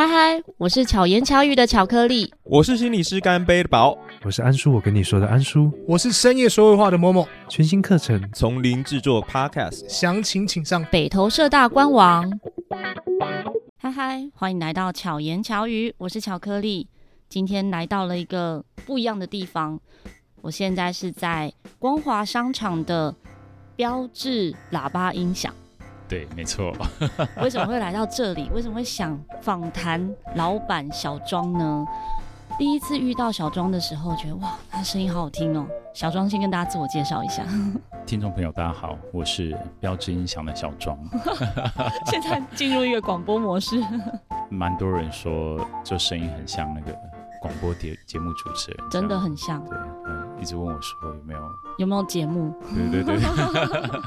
嗨嗨，我是巧言巧語的巧克力，我是心理師乾杯的寶，我是安叔，我跟你說的安叔，我是深夜說會話的某某，全新課程從零製作 Podcast，詳情請上北投社大官網。嗨嗨，歡迎來到巧言巧語，我是巧克力，今天來到了一個不一樣的地方，我現在是在光華商場的標緻喇叭音響。對，沒錯。 為什麼會來到這裡？為什麼會想訪談老板小莊呢？第一次遇到小莊的時候，覺得哇，他聲音好好聽哦。小莊先跟大家自我介紹一下。聽眾朋友，大家好，我是標緻音響的小莊。 現在進入一個廣播模式 。蠻多人說這聲音很像那個廣播節節目主持人，真的很像。對、嗯，一直問我說有沒有有沒有節目？對對對，對。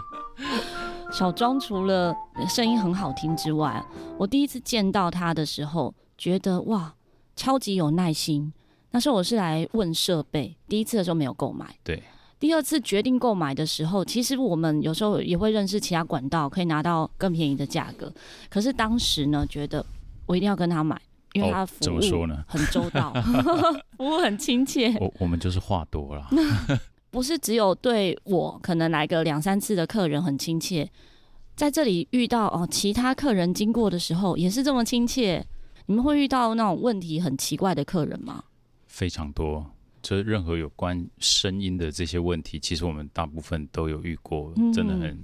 小莊除了聲音很好聽之外，我第一次見到他的時候，覺得哇，超級有耐心。那時候我是來問設備，第一次的時候沒有購買。對，第二次決定購買的時候，其實我們有時候也會認識其他管道，可以拿到更便宜的價格。可是當時呢，覺得我一定要跟他買，因為他的服務，哦，怎麼說呢？很周到，服務很親切。我我們就是話多了。 不是只有對我可能來個兩三次的客人很親切，在這裡遇到哦其他客人經過的時候也是這麼親切。你們會遇到那種問題很奇怪的客人嗎？非常多，就是任何有關聲音的這些問題，其實我們大部分都有遇過，嗯、真的很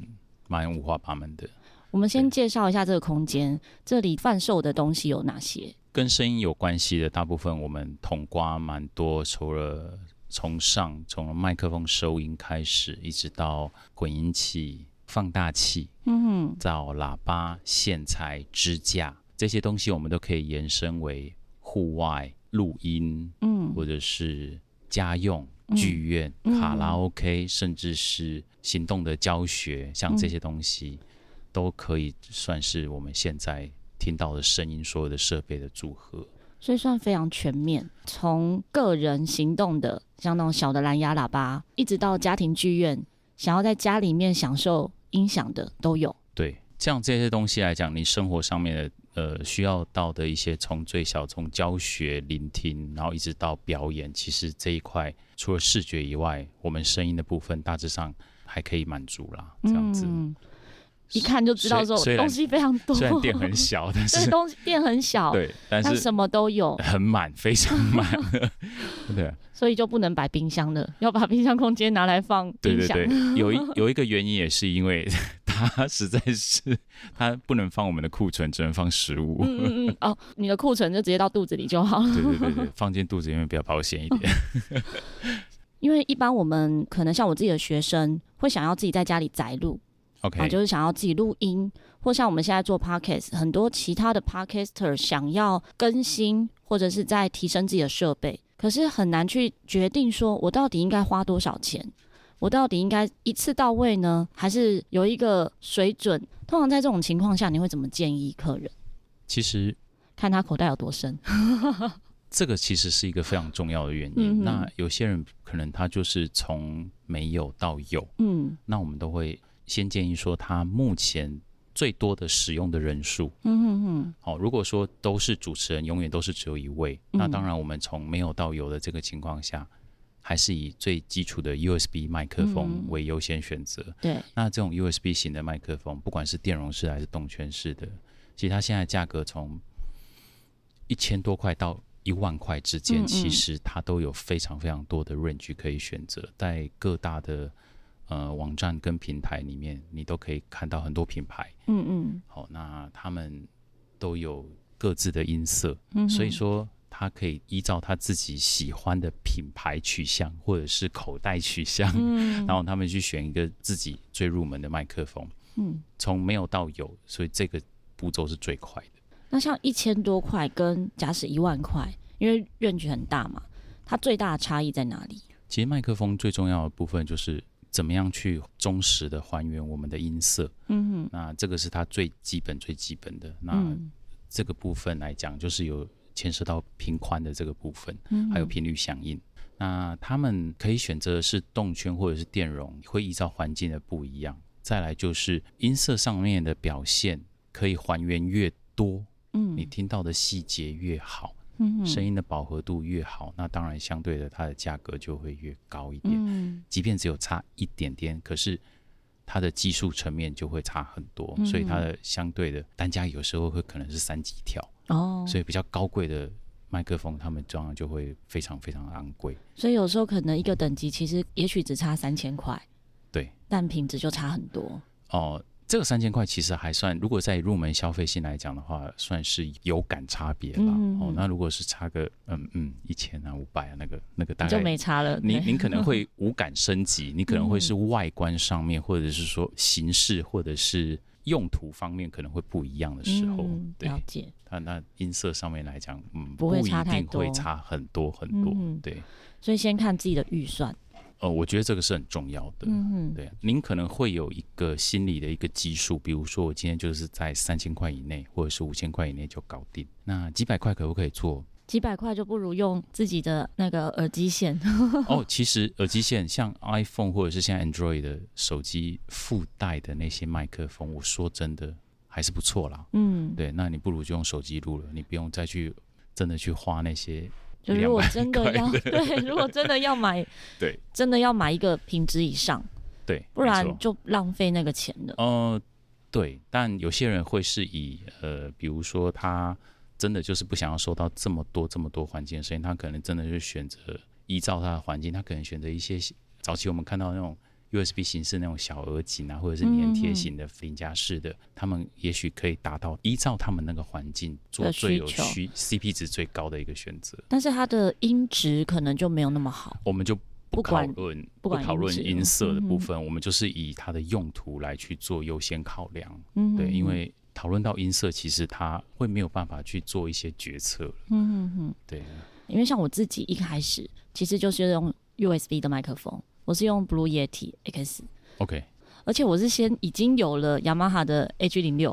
蠻五花八門的。我們先介紹一下這個空間，這裡販售的東西有哪些？跟聲音有關係的，大部分我們統括蠻多，除了。從上從麥克風收音開始，一直到滾音器、放大器，嗯，到喇叭、線材、支架這些東西，我們都可以延伸為戶外錄音，嗯，或者是家用、劇院、嗯、卡拉 OK，甚至是行動的教學，像這些東西，嗯、都可以算是我們現在聽到的聲音所有的設備的組合。所以算非常全面，從個人行動的，像那種小的藍牙喇叭，一直到家庭劇院，想要在家裡面享受音響的都有。對，這樣像這些東西來講，你生活上面的呃需要到的一些，從最小從教學聆聽，然後一直到表演，其實這一塊除了視覺以外，我們聲音的部分大致上還可以滿足啦，嗯、這樣子。一看就知道，說東西非常多。雖然，雖然店很小，但是東西店很小，對，但是但什麼都有，很滿，非常滿， 對、啊。所以就不能擺冰箱了，要把冰箱空間拿來放冰箱。對對對，有一有一個原因也是因為，它實在是它不能放我們的庫存，只能放食物。 嗯嗯、哦，你的庫存就直接到肚子裡就好了。 對對對對，放進肚子裡面比較保險一點。哦、 因為一般我們可能像我自己的學生，會想要自己在家裡宅錄。OK，啊，就是想要自己錄音，或像我們現在做 Podcast，很多其他的 Podcaster 想要更新或者是在提升自己的設備，可是很難去決定說，我到底應該花多少錢，我到底應該一次到位呢，還是有一個水準？通常在這種情況下，你會怎麼建議客人？其實看他口袋有多深， 這個其實是一個非常重要的原因。嗯、那有些人可能他就是從沒有到有，嗯，那我們都會。先建議說，他目前最多的使用的人數，嗯嗯嗯，好，如果說都是主持人，永遠都是只有一位，那當然我們從沒有到有的這個情況下，還是以最基礎的 USB 麥克風為優先選擇。嗯，對。那這種 USB 型的麥克風，不管是電容式還是動圈式的，其實它現在價格從一千多塊到一萬塊之間，其實它都有非常非常多的 range 可以選擇，在各大的。呃，網站跟平台裡面，你都可以看到很多品牌，嗯嗯，好、哦，那他們都有各自的音色，嗯，所以說他可以依照他自己喜歡的品牌取向，或者是口袋取向、嗯，然後他們去選一個自己最入門的麥克風，嗯，從沒有到有，所以這個步驟是最快的。嗯、那像一千多塊跟假使一萬塊，因為差距很大嘛，它最大的差異在哪裡？其實麥克風最重要的部分就是。怎麼樣去忠實的還原我們的音色？嗯，那這個是它最基本最基本的。那這個部分來講，就是有牽涉到頻寬的這個部分、嗯，還有頻率響應。那他們可以選擇是動圈或者是電容，會依照環境的不一樣。再來就是音色上面的表現，可以還原越多，嗯，你聽到的細節越好。嗯、聲音的飽和度越好，那當然相對的它的價格就會越高一點。嗯、即便只有差一點點，可是它的技術層面就會差很多，嗯、所以它的相對的單價有時候會可能是三級跳哦。所以比較高貴的麥克風，他們裝上就會非常非常昂貴。所以有時候可能一個等級其實也許只差三千塊，嗯、對，但品質就差很多哦。這個三千塊其實還算，如果在入門消費性來講的話，算是有感差別了，嗯。哦，那如果是差個嗯嗯一千啊、五百啊，那個那個大概你就沒差了。您您可能會無感升級呵呵，你可能會是外觀上面，嗯、或者是說形式，或者是用途方面可能會不一樣的時候。嗯、對了解。那那音色上面來講，嗯，不會差太多，不一定會差很多很多，嗯。對，所以先看自己的預算。呃，我覺得這個是很重要的。嗯，對，您可能會有一個心理的一個基數，比如說我今天就是在三千塊以內，或者是五千塊以內就搞定。那幾百塊可不可以做？幾百塊就不如用自己的那個耳機線。 哦，其實耳機線像 iPhone 或者是像 Android 的手機附帶的那些麥克風，我說真的還是不錯啦。嗯，對，那你不如就用手機錄了，你不用再去真的去花那些。就是真的要，對，如果真的要買， 對，真的要買一個品質以上，對，不然就浪費那個錢了。哦、呃，對，但有些人會是以呃，比如說他真的就是不想要收到這麼多這麼多環境聲音，他可能真的是選擇依照他的環境，他可能選擇一些早期我們看到那種。USB 形式那種小耳機啊，或者是粘貼型的領夾、嗯、式的，他們也許可以達到依照他們那個環境做最有效 CP 值、最高的一個選擇。但是它的音質可能就沒有那麼好。我們就不討論，不討論音、音色的部分、嗯，我們就是以它的用途來去做優先考量、嗯。對，因為討論到音色，其實它會沒有辦法去做一些決策。嗯嗯，對。因為像我自己一開始其實就是用 USB 的麥克風。我是用 Blue Yeti X，OK，OK，而且我是先已經有了雅馬哈的 AG 零六，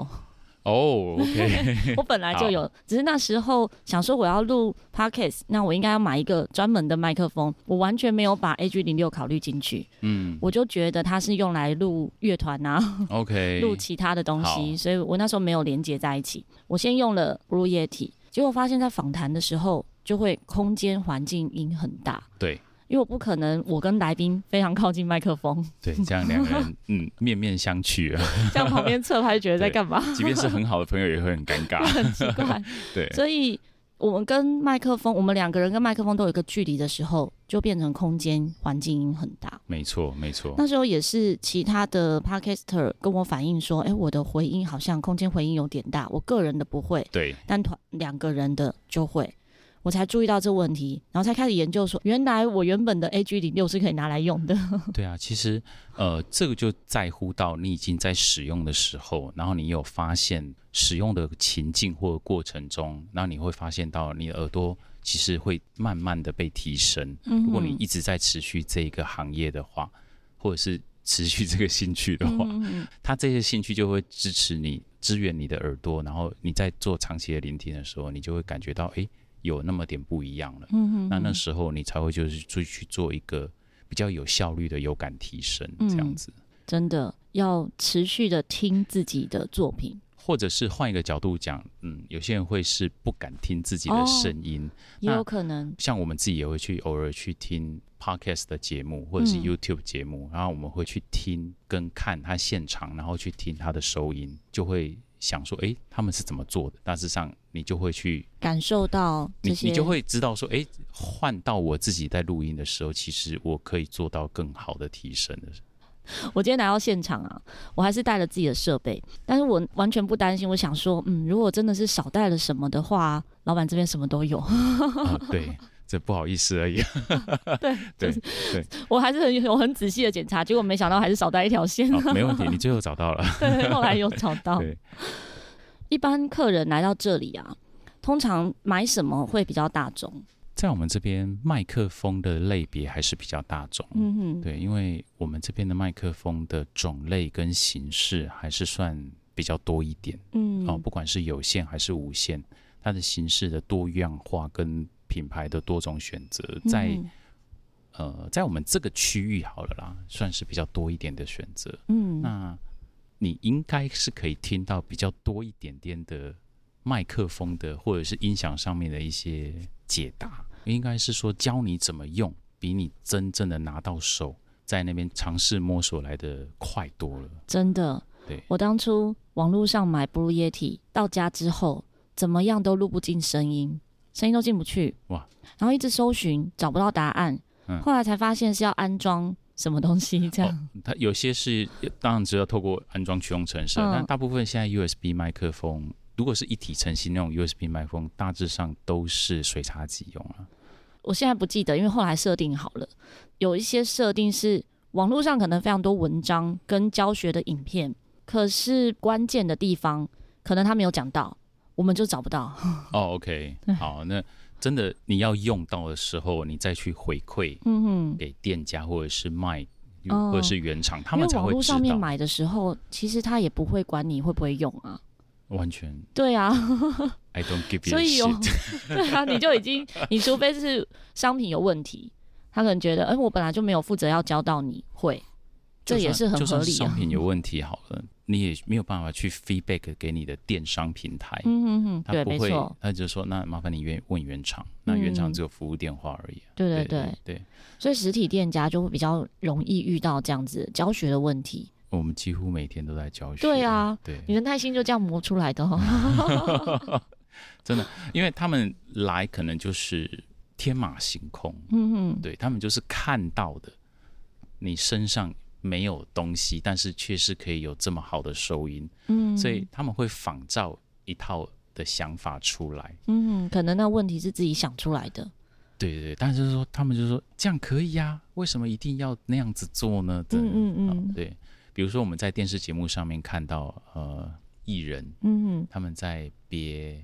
哦，OK， 我本來就有，只是那時候想說我要錄 Podcast，那我應該要買一個專門的麥克風，我完全沒有把 AG 零六考慮進去，嗯，我就覺得它是用來錄樂團啊，OK，錄其他的東西，所以我那時候沒有連接在一起，我先用了 Blue Yeti，結果發現在訪談的時候就會空間環境音很大，對。因為我不可能，我跟來賓非常靠近麥克風，對，這樣兩個人 嗯，面面相覷啊，這樣旁邊側拍覺得在幹嘛？即便是很好的朋友也會很尷尬， 很奇怪。對，所以我們跟麥克風，我們兩個人跟麥克風都有一個距離的時候，就變成空間環境音很大。沒錯，沒錯。那時候也是其他的 podcaster 跟我反映說，哎、欸，我的回音好像空間回音有點大。我個人的不會，對，但團兩個人的就會。我才注意到這問題，然後才開始研究說，原來我原本的 AG06 是可以拿來用的。嗯、對啊，其實呃，這個就在乎到你已經在使用的時候，然後你有發現使用的情境或過程中，然後你會發現到你的耳朵其實會慢慢的被提升。嗯、如果你一直在持續這一個行業的話，或者是持續這個興趣的話，嗯、它這些興趣就會支持你，支援你的耳朵，然後你在做長期的聆聽的時候，你就會感覺到，哎。有那麼點不一樣了，嗯嗯，那那時候你才會就是出去做一個比較有效率的有感提升，這樣子，嗯、真的要持續的聽自己的作品，或者是換一個角度講，嗯，有些人會是不敢聽自己的聲音、哦，也有可能，像我們自己也會去偶爾去聽 Podcast 的節目或者是 YouTube 節目、嗯，然後我們會去聽跟看他現場，然後去聽他的收音，就會想說，哎、欸，他們是怎麼做的？但事實上。你就會去感受到你，你就會知道說，哎、欸，換到我自己在錄音的時候，其實我可以做到更好的提升的。我今天來到現場啊，我還是帶了自己的設備，但是我完全不擔心。我想說，嗯，如果真的是少帶了什麼的話，老闆這邊什麼都有、 啊。對，這不好意思而已。對 對對，就是、我還是很有很仔細的檢查，結果沒想到還是少帶一條線、啊。沒問題，你最後找到了。對，後來又找到。對一般客人來到這裡啊，通常買什麼會比較大眾？在我們這邊，麥克風的類別還是比較大眾。嗯嗯，對，因為我們這邊的麥克風的種類跟形式還是算比較多一點。嗯，哦，不管是有線還是無線，它的形式的多樣化跟品牌的多種選擇，在、嗯、呃，在我們這個區域好了啦，算是比較多一點的選擇。嗯，那。你應該是可以聽到比較多一點點的麥克風的，或者是音響上面的一些解答，應該是說教你怎麼用，比你真正的拿到手在那邊嘗試摸索來的快多了。真的，對，我當初網絡上買 Blue Yeti 到家之後怎麼樣都錄不進聲音，聲音都進不去，哇，然後一直搜尋找不到答案，嗯，後來才發現是要安裝。什麼東西？這樣，哦，它有些是當然，只要透過安裝驅動程式，嗯。但大部分現在 USB 麥克風，如果是一體成型那種 USB 麥克風，大致上都是隨插即用啊。我現在不記得，因為後來設定好了，有一些設定是網絡上可能非常多文章跟教學的影片，可是關鍵的地方可能他沒有講到，我們就找不到。哦，OK， 好，那。真的，你要用到的時候，你再去回饋，嗯哼，給店家或者是賣，嗯、或者是原廠、嗯，他們才會知道。網路上面買的時候，其實他也不會管你會不會用啊，完全，對啊，所以有， 對啊，你就已經，你除非是商品有問題，他可能覺得，哎、欸，我本來就沒有負責要教到你會。就這也是很合理啊。就算商品有問題好了、嗯，你也沒有辦法去 feedback 給你的電商平台。嗯嗯嗯，對，他沒錯。他就是說，那麻煩你問問原廠、嗯，那原廠只有服務電話而已。對對對對，對。所以實體店家就會比較容易遇到這樣子教學的問題。我們幾乎每天都在教學。對啊，對，你的耐心就這樣磨出來的哈、哦。 真的，因為他們來可能就是天馬行空。嗯嗯，對他們就是看到的你身上。沒有東西，但是確實可以有這麼好的收音，嗯，所以他們會仿照一套的想法出來，嗯，可能那問題是自己想出來的，對對對，但是說他們就說這樣可以呀、啊，為什麼一定要那樣子做呢？對嗯嗯嗯、哦，對，比如說我們在電視節目上面看到，呃，藝人，嗯，他們在別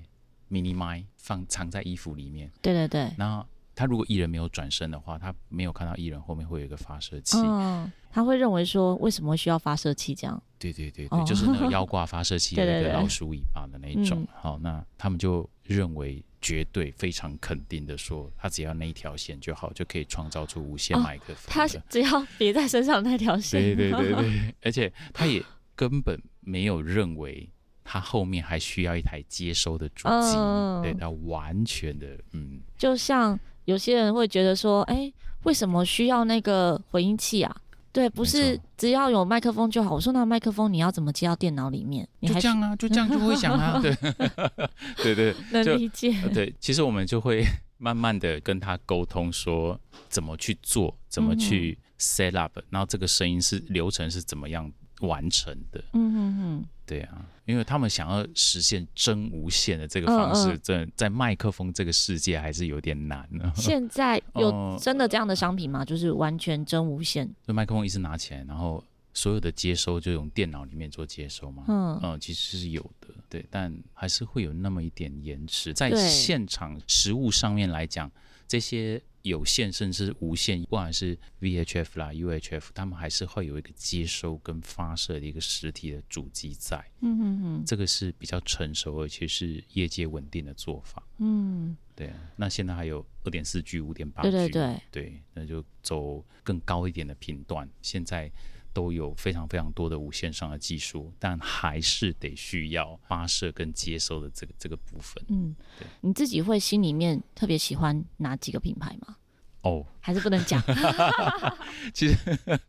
mini mic 放藏在衣服裡面，對對對，然後。他如果藝人沒有轉身的話，他沒有看到藝人後面會有一個發射器，哦、他會認為說為什麼需要發射器這樣？對對對對，哦、就是那個腰掛發射器的那個老鼠尾巴的那一種，對對對。好，那他們就認為絕對非常肯定的說，他只要那一條線就好，就可以創造出無線麥克風、哦。他只要別在身上那條線。對對對對， 而且他也根本沒有認為他後面還需要一台接收的主機、哦，對，他完全的嗯，就像。有些人會覺得說，哎、欸，為什麼需要那個回音器啊？對，不是，只要有麥克風就好。我說那麥克風你要怎麼接到電腦裡面？就這樣啊，就這樣就會想啊， 對對對，能理解。對，其實我們就會慢慢的跟他溝通，說怎麼去做，怎麼去 set up，、嗯、然後這個聲音是流程是怎麼樣的。完成的，嗯嗯嗯，對啊，因為他們想要實現真無線的這個方式，嗯嗯、真在在麥克風這個世界還是有點難。現在有真的這樣的商品嗎？嗯、就是完全真無線，就麥克風一直拿起來，然後所有的接收就用電腦裡面做接收嘛。嗯嗯，其實是有的，對，但還是會有那麼一點延遲。在現場實務上面來講，這些。有線甚至無線，不管是 VHF 啦、UHF，他們還是會有一個接收跟發射的一個實體的主機在。嗯嗯嗯，這個是比較成熟，而且是業界穩定的做法。嗯，對。那現在還有二點四 G、五點八 G，對對對，對，那就走更高一點的頻段。現在都有非常非常多的無線上的技術，但還是得需要發射跟接收的這個這個部分，對。嗯，你自己會心裡面特別喜歡哪幾個品牌嗎？哦，還是不能講。 其實，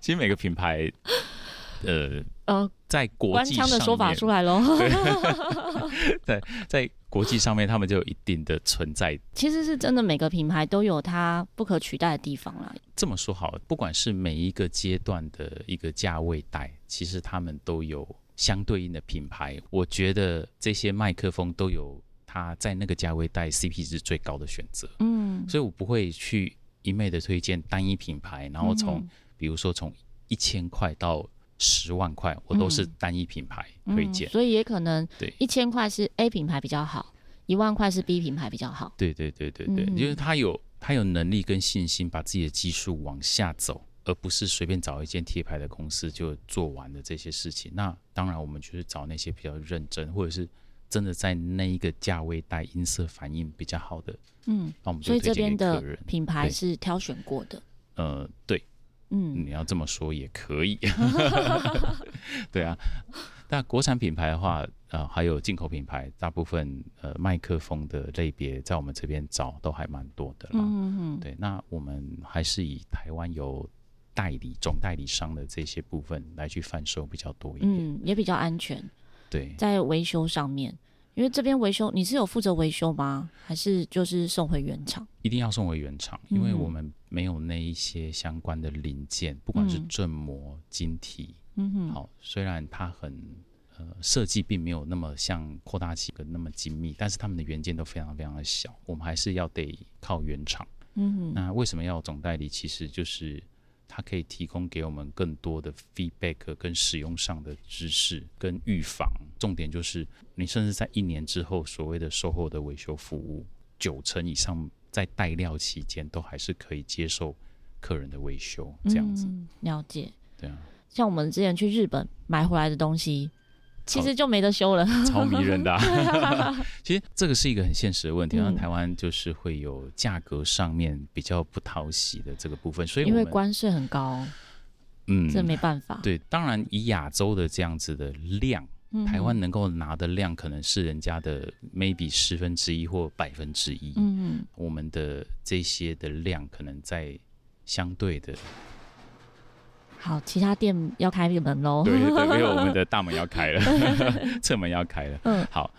其實每個品牌。 呃，呃，在國際上官腔的說法出來嘍。 對，在國際上面，他們就有一定的存在。其實是真的，每個品牌都有它不可取代的地方啦。這麼說好，不管是每一個階段的一個價位帶，其實他們都有相對應的品牌。我覺得這些麥克風都有它在那個價位帶 CP 值最高的選擇。嗯，所以我不會去一昧的推薦單一品牌，然後從、嗯、比如說從一千塊到。十萬塊，我都是單一品牌推薦。嗯嗯，所以也可能對一千塊是 A 品牌比較好，一萬塊是 B 品牌比較好。對對對對對，對、嗯，就是他有他有能力跟信心，把自己的技術往下走，而不是隨便找一間貼牌的公司就做完了這些事情。那當然，我們就是找那些比較認真，或者是真的在那一個價位帶音色反應比較好的，嗯，那我們就推薦這邊的品牌是挑選過的，呃，對。嗯，你要這麼說也可以 對啊。但國產品牌的話，呃，還有進口品牌，大部分呃麥克風的類別在我們這邊找都還蠻多的啦。嗯嗯。對，那我們還是以台灣有代理、總代理商的這些部分來去販售比較多一點。嗯，也比較安全。對。在維修上面。因為這邊維修，你是有負責維修嗎？還是就是送回原廠？一定要送回原廠。嗯，因為我們沒有那一些相關的零件，嗯、不管是振膜、晶體，嗯哼，好，雖然它很呃設計，設計並沒有那麼像擴大器跟那麼精密，但是它們的原件都非常非常的小，我們還是要得靠原廠。嗯哼，那為什麼要總代理？其實就是。它可以提供給我們更多的 feedback 跟使用上的知識跟預防。重點就是，你甚至在一年之後，所謂的售後的維修服務，九成以上在待料期間都還是可以接受客人的維修。這樣子，嗯，了解。對啊，像我們之前去日本買回來的東西。其實就沒得修了。哦，超迷人的啊。 其實這個是一個很現實的問題，嗯、像台灣就是會有價格上面比較不討喜的這個部分。所以因為關稅很高，嗯，這沒辦法。對，當然以亞洲的這樣子的量，嗯、台灣能夠拿的量可能是人家的 maybe 十分之一或百分之一。嗯，我們的這些的量可能在相對的。好，其他店要開一個門嘍。對，對對，因為我們的大門要開了， 側門要開了。 嗯，好，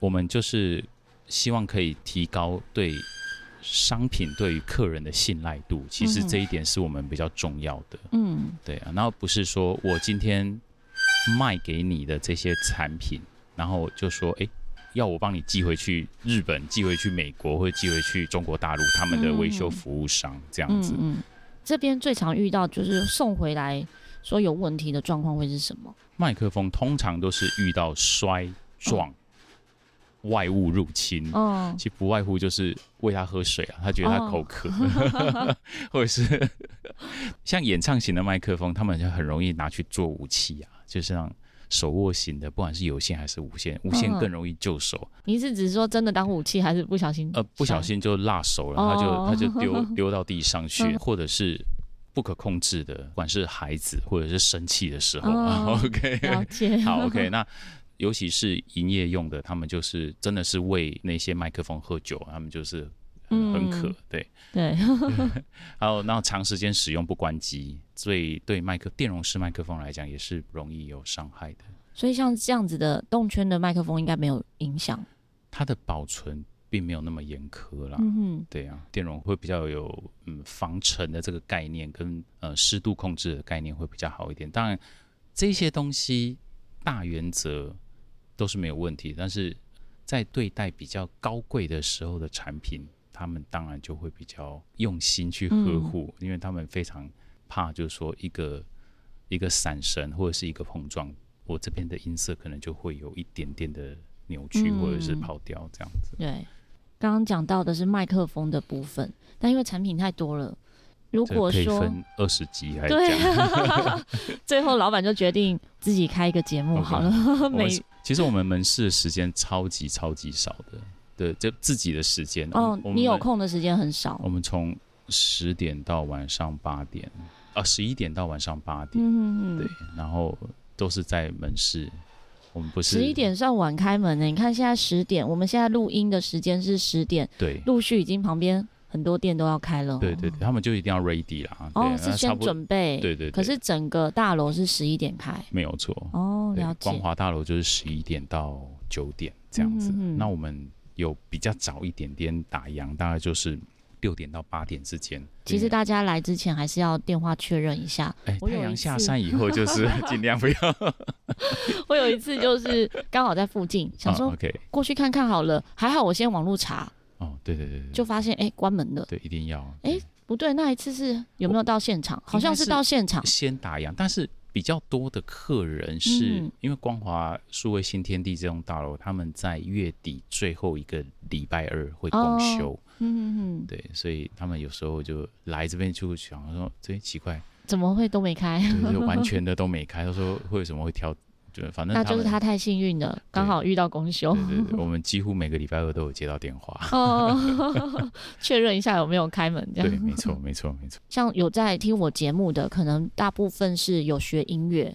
我們就是希望可以提高對商品對於客人的信賴度。其實這一點是我們比較重要的。嗯，對啊。然後不是說我今天賣給你的這些產品，然後就說哎、欸，要我幫你寄回去日本、寄回去美國或者寄回去中國大陸他們的維修服務商這樣子。嗯。嗯嗯這邊最常遇到就是送回來說有問題的狀況會是什麼？麥克風通常都是遇到摔撞、嗯、外物入侵、嗯，其實不外乎就是餵他喝水啊，他覺得他口渴，嗯、或者是 像演唱型的麥克風，他們就很容易拿去做武器啊，就像、是。手握型的，不管是有線還是無線，無線更容易就手、哦。你是指說真的當武器，還是不小心小？呃，不小心就辣手了，他就他就丟丟、哦、到地上去、嗯，或者是不可控制的，不管是孩子或者是生氣的時候。哦、OK，好 OK，那尤其是營業用的，他們就是真的是餵那些麥克風喝酒，他們就是很渴，對、嗯、對。還然後長時間使用不關機。所以對，對麥克電容式麥克風來講，也是容易有傷害的。所以，像這樣子的動圈的麥克風，應該沒有影響。它的保存並沒有那麼嚴苛啦。嗯，對啊，電容會比較有嗯防塵的這個概念，跟呃濕度控制的概念會比較好一點。當然，這些東西大原則都是沒有問題。但是在對待比較高貴的時候的產品，他們當然就會比較用心去呵護、嗯，因為他們非常。怕就是說一個一個閃神或者是一個碰撞，我這邊的音色可能就會有一點點的扭曲或者是跑調這樣子。嗯、對，剛剛講到的是麥克風的部分，但因為產品太多了，如果說可以分二十集還講，最後老板就決定自己開一個節目 好了。Okay, 每其實我們門市的時間超級超級少的，對，這自己的時間哦，你有空的時間很少。我們從十點到晚上八點。啊，十一點到晚上八點，嗯，對，然後都是在門市。我們不是十一點算晚開門呢？欸？你看現在十點，我們現在錄音的時間是十點，對，陸續已經旁邊很多店都要開了。對對，對。哦，他們就一定要 ready 啦。哦，哦是先準備。對對，對，對。可是整個大樓是十一點開。沒有錯。哦，然後。光華大樓就是十一點到九點這樣子。嗯。那我們有比較早一點點打烊，大概就是。六點到八點之間，其實大家來之前還是要電話確認一下。哎、欸，太陽下山以後就是盡量不要 。我有一次就是剛好在附近、哦，想說過去看看好了，哦 okay，還好我先網絡查。哦，對對對對。就發現哎、欸，關門了。對，一定要。哎、欸，不對，那一次是有沒有到現場？我好像是到現場先打烊，但是比較多的客人是、嗯、因為光華數位新天地這棟大樓，他們在月底最後一個禮拜二會公休。哦嗯嗯嗯，對，所以他們有時候就來這邊就想說這些奇怪，怎麼會都沒開？就完全的都沒開。 他說，為什麼會挑？就反正他那就是他太幸運了，剛好遇到公休。對對對，我們幾乎每個禮拜二都有接到電話，確 認一下有沒有開門這樣。對，沒錯，沒錯，沒錯。像有在聽我節目的，可能大部分是有學音樂，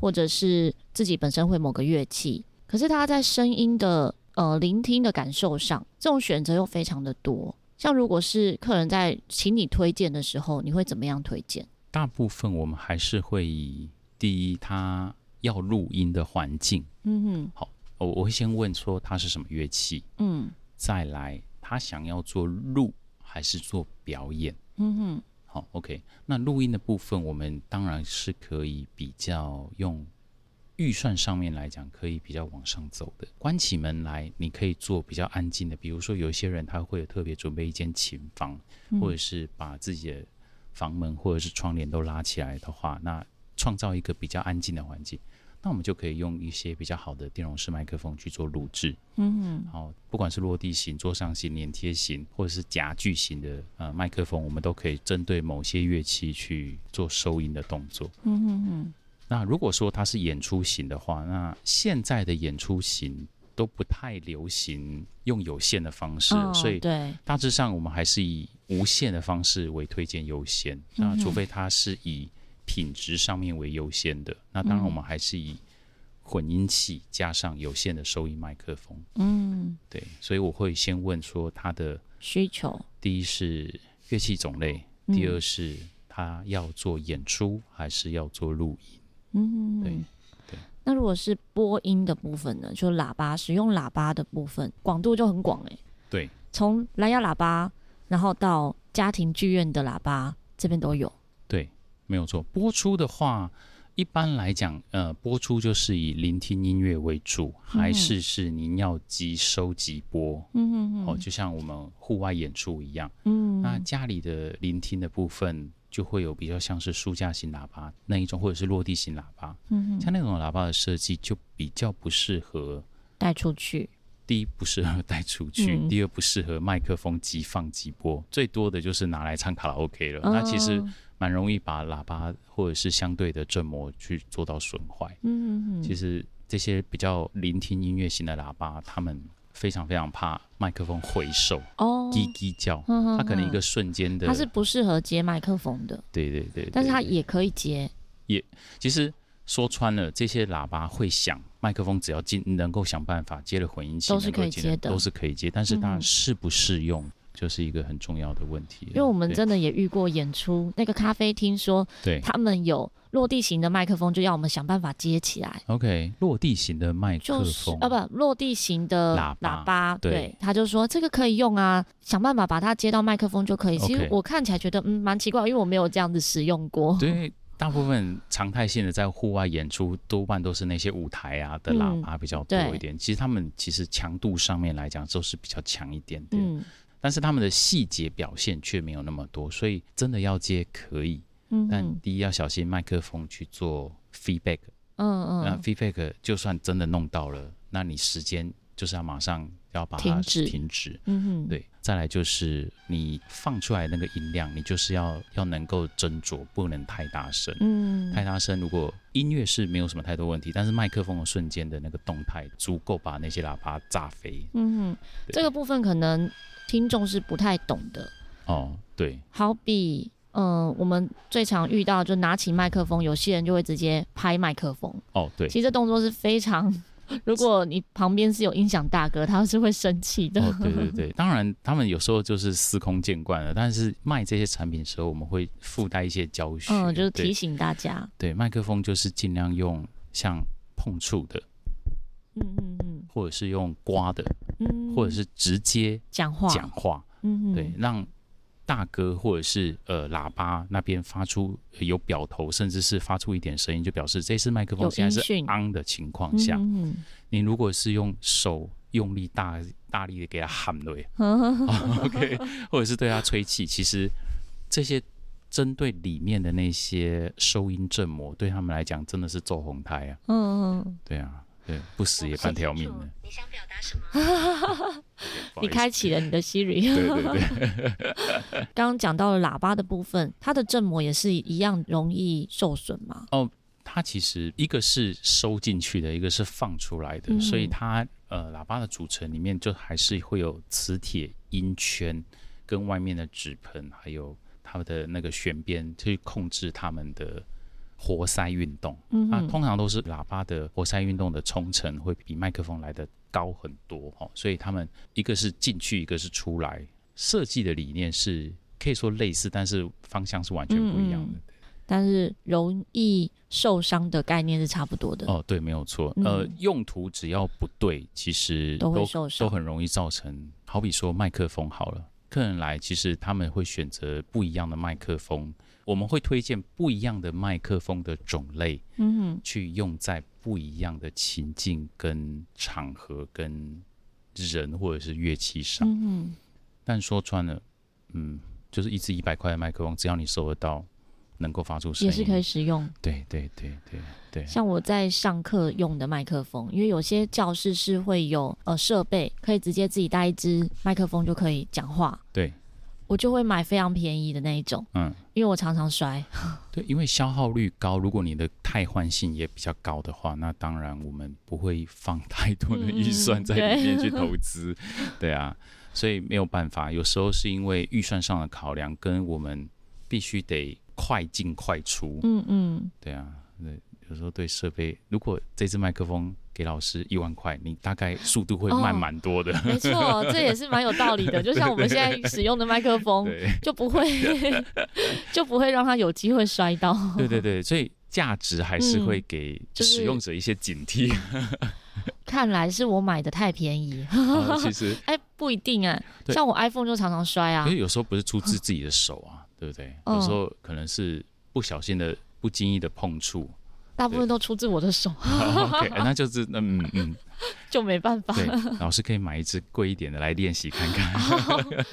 或者是自己本身會某個樂器，可是他在聲音的。呃，聆聽的感受上，這種選擇又非常的多。像如果是客人在請你推薦的時候，你會怎麼樣推薦？大部分我們還是會以第一，他要錄音的環境，嗯哼。好，我我會先問說他是什麼樂器，嗯，再來他想要做錄還是做表演，嗯哼。好，OK。那錄音的部分，我們當然是可以比較用。預算上面來講，可以比較往上走的。關起門來，你可以做比較安靜的。比如說，有些人他會有特別準備一間琴房，或者是把自己的房門或者是窗簾都拉起來的話，那創造一個比較安靜的環境，那我們就可以用一些比較好的電容式麥克風去做錄製。嗯嗯。然後，不管是落地型、桌上型、粘貼型，或者是夾具型的呃麥克風，我們都可以針對某些樂器去做收音的動作。嗯嗯嗯。那如果說它是演出型的話，那現在的演出型都不太流行用有線的方式。哦對，所以大致上我們還是以無線的方式為推薦優先。嗯、那除非它是以品質上面為優先的，嗯，那當然我們還是以混音器加上有線的收音麥克風。嗯，對，所以我會先問說他的需求：第一是樂器種類，嗯，第二是他要做演出還是要做錄音。嗯哼哼對，對，那如果是播音的部分呢，就喇叭使用喇叭的部分，廣度就很廣哎、欸。對，從藍牙喇叭，然後到家庭劇院的喇叭，這邊都有。對，沒有錯。播出的話，一般來講，呃，播出就是以聆聽音樂為主、嗯，還是是您要即收即播。嗯嗯。哦，就像我們戶外演出一樣。嗯哼哼。那家裡的聆聽的部分。就會有比較像是書架型喇叭那一種，或者是落地型喇叭，嗯，像那種喇叭的設計就比較不適合帶出去。第一不適合帶出去，嗯，第二不適合麥克風急放急播，最多的就是拿來唱卡拉 OK 了。那，哦，其實蠻容易把喇叭或者是相對的振膜去做到損壞，嗯，其實這些比較聆聽音樂型的喇叭，他們非常非常怕麥克風回授哦，滴、oh, 滴叫呵呵呵，他可能一個瞬間的，他是不適合接麥克風的，對對，對對對，但是他也可以接，也、yeah, 其實說穿了，這些喇叭會響，麥克風只要進，能夠想辦法接了混音器，都是可以接的，接的，都是可以接，但是它適不適用，嗯就是一個很重要的問題，因為我們真的也遇過演出那個咖啡廳說，對，他們有落地型的麥克風，就要我們想辦法接起來。OK，落地型的麥克風，就是，啊，不，落地型的喇叭，喇叭對，對，他就說這個可以用啊，想辦法把它接到麥克風就可以，okay。其實我看起來覺得嗯蠻奇怪，因為我沒有這樣子使用過。因為大部分常態性的在戶外演出，多半都是那些舞台啊的喇叭比較多一點。嗯、其實他們其實強度上面來講都是比較強一點點。嗯但是他們的細節表現卻沒有那麼多，所以真的要接可以，嗯，但第一要小心麥克風去做 feedback，嗯嗯，那 feedback 就算真的弄到了，那你時間就是要馬上要把它停止，停止，嗯嗯，對，再來就是你放出來那個音量，你就是要要能夠斟酌，不能太大聲，嗯，太大聲，如果音樂是沒有什麼太多問題，但是麥克風的瞬間的那個動態足夠把那些喇叭炸飛，嗯哼，這個部分可能。聽眾是不太懂的哦，對。好比，嗯、呃，我們最常遇到，就是拿起麥克風，有些人就會直接拍麥克風。哦，對。其實這動作是非常，如果你旁邊是有音響大哥，他是會生氣的、哦。對對對，當然他們有時候就是司空見慣了。但是賣這些產品的時候，我們會附帶一些教學，嗯、就是提醒大家，對麥克風就是儘量用像碰觸的。嗯嗯嗯，或者是用刮的，嗯，嗯，或者是直接講話講話，話，對嗯對，讓大哥或者是呃喇叭那邊發出有表頭，甚至是發出一點聲音，就表示這次麥克風現在是 on 的情況下。嗯，你如果是用手用力大大力的給他喊對，OK， 或者是對他吹氣，其實這些針對裡面的那些收音振膜，對他們來講真的是走紅胎啊。嗯嗯，對啊。對，不死也半條命。你想表達什麼？ 你開啟了你的 Siri。對對對。剛剛講到了喇叭的部分，它的振膜也是一樣容易受損嘛？哦，它其實一個是收進去的，一個是放出來的，所以它呃喇叭的組成裡面就還是會有磁鐵、音圈跟外面的紙盆，還有它的那個懸邊去控制它們的。活塞運動，那、嗯啊、通常都是喇叭的活塞運動的衝程會比麥克風來得高很多，哦，所以他們一個是進去，一個是出來，設計的理念是可以說類似，但是方向是完全不一樣的。嗯、但是容易受傷的概念是差不多的哦，對，沒有錯。呃、嗯，用途只要不對，其實都都會受傷，都很容易造成。好比說麥克風好了，客人來，其實他們會選擇不一樣的麥克風。我們會推薦不一樣的麥克風的種類，嗯，去用在不一樣的情境、跟場合、跟人或者是樂器上。嗯，但說穿了，嗯，就是一支一百塊的麥克風，只要你收得到，能夠發出聲音也是可以使用。對對對對，對，對。像我在上課用的麥克風，因為有些教室是會有呃設備，可以直接自己帶一支麥克風就可以講話。對。我就會買非常便宜的那一種，嗯，因為我常常摔。對，因為消耗率高，如果你的汰換性也比較高的話，那當然我們不會放太多的預算在裡面去投資，嗯。對啊，所以沒有辦法，有時候是因為預算上的考量，跟我們必須得快進快出。嗯嗯，對啊，對有時候對設備，如果這支麥克風給老師一萬塊，你大概速度會慢蠻多的。哦、沒錯，這也是蠻有道理的。 就像我們現在使用的麥克風對對對，就不會 就不會讓它有機會摔到。對對對，所以價值還是會給使用者一些警惕。嗯，就是、看來是我買的太便宜。 嗯、其實，哎、欸，不一定啊。像我 iPhone 就常常摔啊。因為有時候不是出自自己的手啊， 對不對，對？有時候可能是不小心的、不經意的碰觸。大部分都出自我的手對、oh, okay. 欸、那就是嗯嗯 就沒辦法。對，老師可以買一支貴一點的來練習看看， oh, okay.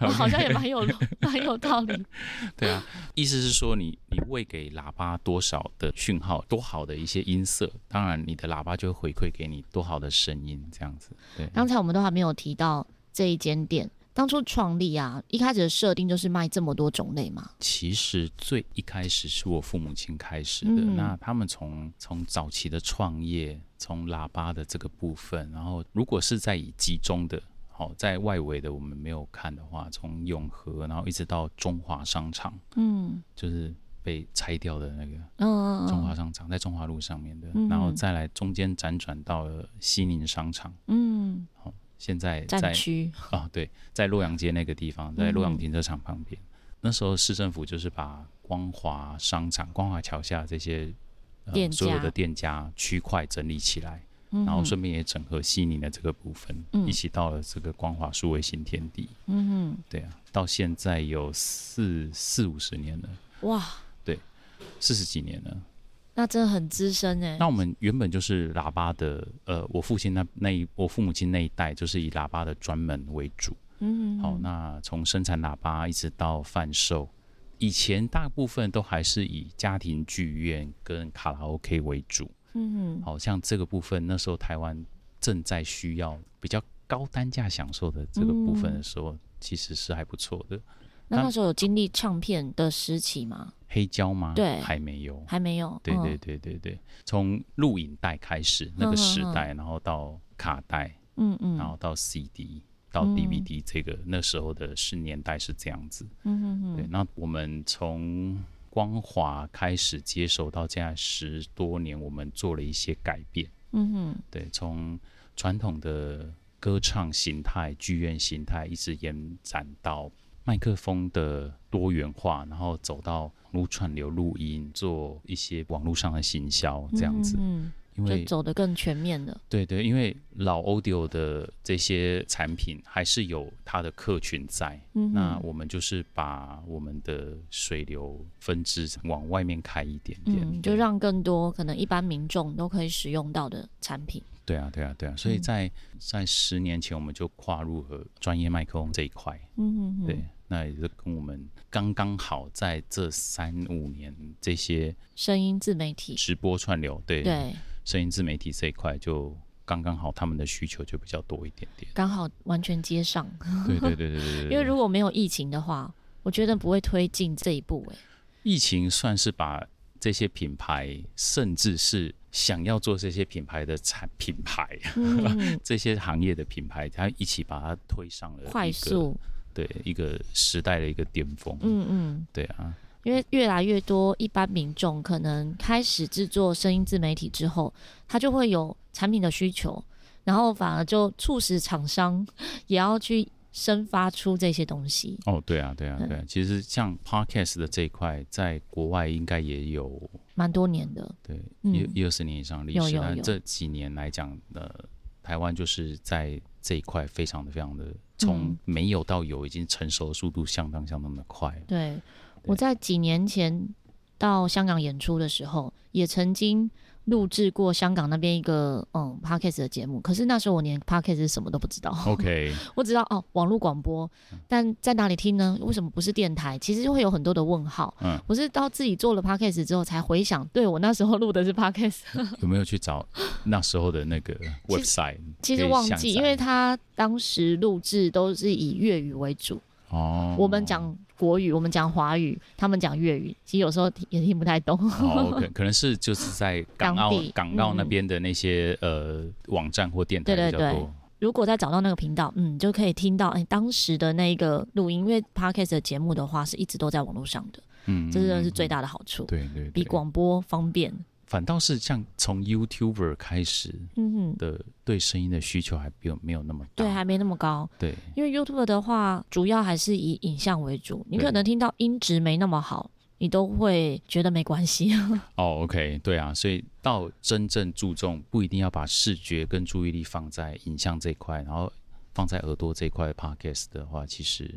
我好像也蠻有蠻有道理。 對啊，意思是說你你餵給喇叭多少的訊號，多好的一些音色，當然你的喇叭就會回饋給你多好的聲音這樣子。對，剛才我們都還沒有提到這一間店。當初創立啊，一開始的設定就是賣這麼多種類嘛。其實最一開始是我父母親開始的，嗯、那他們從從早期的創業，從喇叭的這個部分，然後如果是在以集中的好、哦，在外圍的我們沒有看的話，從永和然後一直到中華商場，嗯，就是被拆掉的那個，嗯，中華商場、哦、在中華路上面的、嗯，然後再來中間輾轉到了西寧商場，嗯，哦現在在啊，對，在洛陽街那個地方，在洛陽停車場旁邊、嗯。那時候市政府就是把光華商場、光華橋下這些、呃、所有的店家區塊整理起來，嗯、然後順便也整合西寧的這個部分、嗯，一起到了這個光華數位新天地。嗯哼，對啊，到現在有四四五十年了。哇，對，四十幾年了。那真的很資深哎、欸！那我們原本就是喇叭的，呃，我父親那那一我父母親那一代就是以喇叭的專門為主，嗯哼哼，好、哦，那從生產喇叭一直到販售，以前大部分都還是以家庭劇院跟卡拉 OK 為主，嗯哼，好、哦、像這個部分那時候台灣正在需要比較高單價享受的這個部分的時候，嗯、其實是還不錯的。那那時候有經歷唱片的時期嗎？黑膠嗎？對，還沒有，還沒有。對對對對對，從、嗯、錄影帶開始，那個時代，然後到卡帶，嗯嗯，然後到 CD，嗯嗯，到 DVD，這個那時候的是年代是這樣子。嗯嗯。對，那我們從光華開始接受到現在十多年，我們做了一些改變。嗯哼。對，從傳統的歌唱形態、劇院形態，一直延展到。麥克風的多元化，然後走到路串流錄音，做一些網絡上的行銷這樣子，嗯，嗯，嗯，因為走得更全面的。對對，因為老 Audio 的這些產品還是有它的客群在。嗯嗯，那我們就是把我們的水流分支往外面開一點點，嗯、就讓更多可能一般民眾都可以使用到的產品。對啊，對啊，對啊，所以在、嗯、在十年前我們就跨入了專業麥克風這一塊，嗯嗯嗯，對。那也是跟我們剛剛好在這三五年這些聲音自媒體直播、串流對對，聲音自媒體這一塊就剛剛好他們的需求就比較多一點點，剛好完全接上對對對對對，對 因為如果沒有疫情的話，我覺得不會推進這一步、欸、疫情算是把這些品牌甚至是想要做這些品牌的產品牌、嗯、 這些行業的品牌它一起把它推上了快速。對一個時代的一個巔峰，嗯嗯，對啊，因為越來越多一般民眾可能開始制作聲音自媒體之後，他就會有產品的需求，然後反而就促使廠商也要去生發出這些東西。哦，對啊，對啊，嗯、對啊，其實像 Podcast 的這一塊，在國外應該也有蠻多年的，對，一、嗯、一、二十年以上歷史。那這幾年來講，呢、呃，台灣就是在這一塊非常的、非常的。從沒有到有，已經成熟的速度相當相當的快。嗯，對，我在幾年前，到香港演出的時候，也曾經錄制過香港那邊一個嗯 Podcast 的節目。可是那時候我連 Podcast 是什麼都不知道。OK。我知道哦，網絡廣播，但在哪裡聽呢？為什麼不是電台？其實就會有很多的問號。嗯，我是到自己做了 Podcast 之後才回想，對我那時候錄的是 Podcast。 有沒有去找那時候的那個 website？其實，其實忘記，因為他當時錄制都是以粵語為主。哦、oh，我們講國語，oh. 我們講華語，他們講粵語，其實有時候也聽不太懂。 oh, okay. 可能是就是在港澳港澳那邊的那些、嗯、呃網站或電台比較多。對對對，如果再找到那個頻道，嗯，就可以聽到哎、欸、當時的那個錄音，因為 Podcast 的節目的話，是一直都在網絡上的。嗯，嗯，嗯，嗯，這真的是最大的好處。對對，對，對，比廣播方便。反倒是像從 YouTuber 開始，嗯哼，的對聲音的需求還沒有沒有那麼高，嗯，對，還沒那麼高，對，因為 YouTuber 的話主要還是以影像為主，你可能聽到音質沒那麼好，你都會覺得沒關係。哦， ，oh, OK，對啊，所以到真正注重不一定要把視覺跟注意力放在影像這塊，然後放在耳朵這塊，Podcast 的話，其實